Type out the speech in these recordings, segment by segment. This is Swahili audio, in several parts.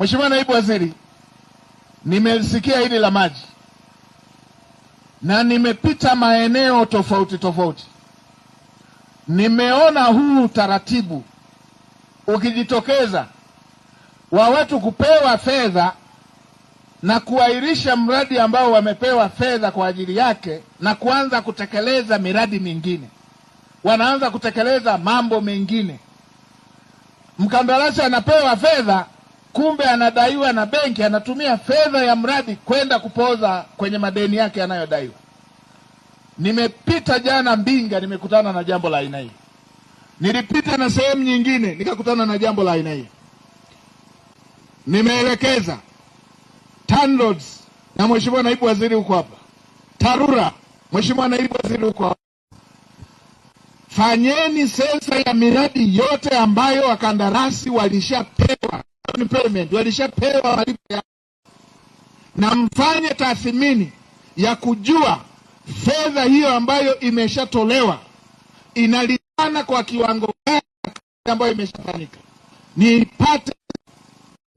Mheshimiwa Naibu Waziri, nimesikia hili la maji na nimepita maeneo tofauti tofauti, nimeona huu utaratibu ukijitokeza wa watu kupewa fedha na kuahirisha mradi ambao wamepewa fedha kwa ajili yake na kuanza kutekeleza miradi mingine, wanaanza kutekeleza mambo mengine. Mkandarasi anapewa fedha kumbe anadaiwa na benki, anatumia fedha ya mradi kwenda kupoza kwenye madeni yake yanayodaiwa. Nimepita jana Mbinga, nimekutana na jambo la aina hii. Nilipita na sehemu nyingine nikakutana na jambo la aina hii. Nimeelekeza TANROADS na mheshimiwa naibu waziri huko hapa, TARURA mheshimiwa naibu waziri huko hapa, fanyeni sensa ya miradi yote ambayo wakandarasi walishapewa loan payment walishapewa malipo ya na mfanye tathmini ya kujua fedha hiyo ambayo imeshatolewa inalingana kwa kiwango gani ambayo imeshafanyika. Niipate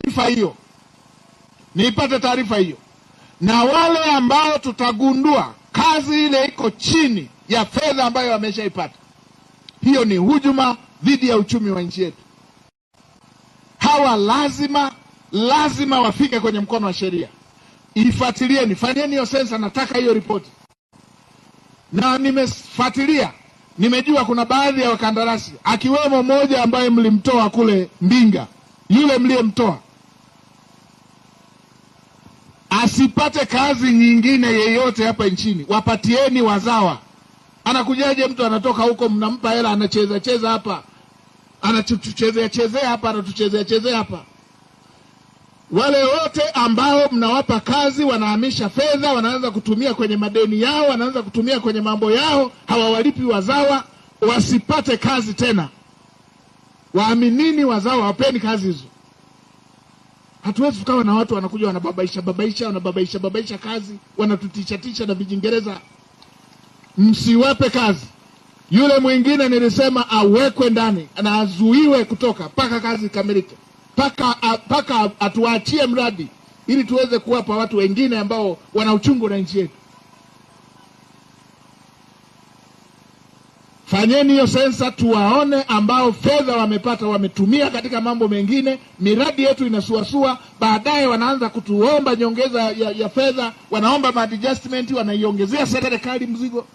taarifa hiyo, niipate taarifa hiyo, na wale ambao tutagundua kazi ile iko chini ya fedha ambayo wameshaipata, hiyo ni hujuma dhidi ya uchumi wa nchi yetu hawa lazima lazima wafike kwenye mkono wa sheria. Ifuatilieni, fanyeni hiyo sensa, nataka hiyo ripoti. Na nimefuatilia, nimejua kuna baadhi ya wakandarasi akiwemo mmoja ambaye mlimtoa kule Mbinga, yule mliyemtoa asipate kazi nyingine yeyote hapa nchini, wapatieni wazawa. Anakujaje mtu anatoka huko, mnampa hela, anacheza cheza hapa anatuchezea chezea hapa, anatuchezea chezea hapa. Wale wote ambao mnawapa kazi wanahamisha fedha, wanaanza kutumia kwenye madeni yao, wanaanza kutumia kwenye mambo yao, hawawalipi wazawa, wasipate kazi tena. Waaminini wazawa, wapeni kazi hizo. Hatuwezi tukawa na watu wanakuja wanababaisha babaisha wanababaisha babaisha kazi, wanatutishatisha na vijingereza. Msiwape kazi. Yule mwingine nilisema awekwe ndani na azuiwe kutoka mpaka kazi ikamilike, mpaka atuachie mradi ili tuweze kuwapa watu wengine ambao wana uchungu na nchi yetu. Fanyeni hiyo sensa, tuwaone ambao fedha wamepata wametumia katika mambo mengine, miradi yetu inasuasua. Baadaye wanaanza kutuomba nyongeza ya, ya fedha, wanaomba maadjustment, wanaiongezea serikali mzigo.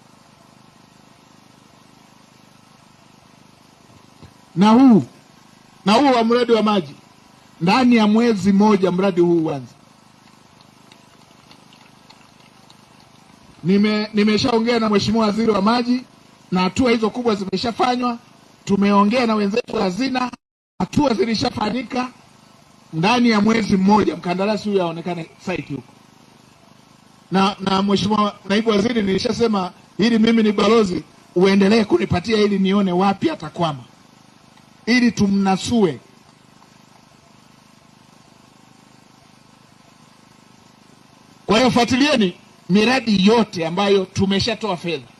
na huu na huu wa mradi wa maji ndani ya mwezi mmoja mradi huu uanze. Nime nimeshaongea na mheshimiwa waziri wa maji na hatua hizo kubwa zimeshafanywa. Tumeongea na wenzetu hazina, hatua zilishafanyika. Ndani ya mwezi mmoja mkandarasi huyo aonekane site huko. Na, na mheshimiwa naibu waziri, nilishasema hili mimi ni balozi, uendelee kunipatia ili nione wapi atakwama ili tumnasue. Kwa hiyo fuatilieni miradi yote ambayo tumeshatoa fedha